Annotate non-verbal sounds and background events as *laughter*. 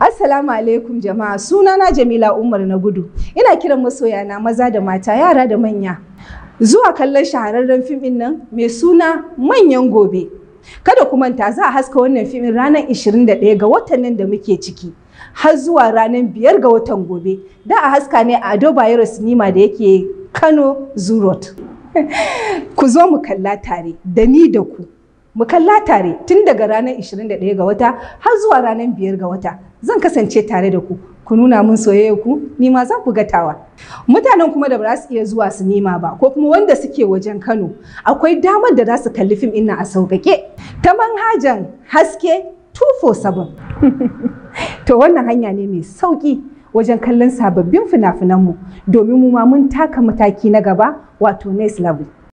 Assalamu alaikum jama'a sunana Jamila Umar na gudu ina kiran masoya na maza da mata yara da manya zuwa kallon shahararren fimin nan mai suna manyan gobe kada ku manta za a haska wannan fimin ranar 21 ga watan nan da muke ciki har zuwa ranar biyar ga watan gobe da a haska ne a Ado Bayero Sinima da yake Kano zurot *laughs* ku zo mu kalla tare da ni da ku mu kalla tare tun daga ranar 21 ga wata har zuwa ranar 5 ga wata zan kasance tare da ku ku nuna min soyayya ku ni ma za ku gatawa mutanen kuma da ba su iya zuwa su nema ba ko kuma wanda suke wajen Kano akwai damar da za su kalli fim ina a sauƙaƙe ta manhajan haske 247 *laughs* to wannan hanya ne mai sauƙi wajen kallon sababbin fina-finanmu domin mu ma mun taka mataki na gaba wato next level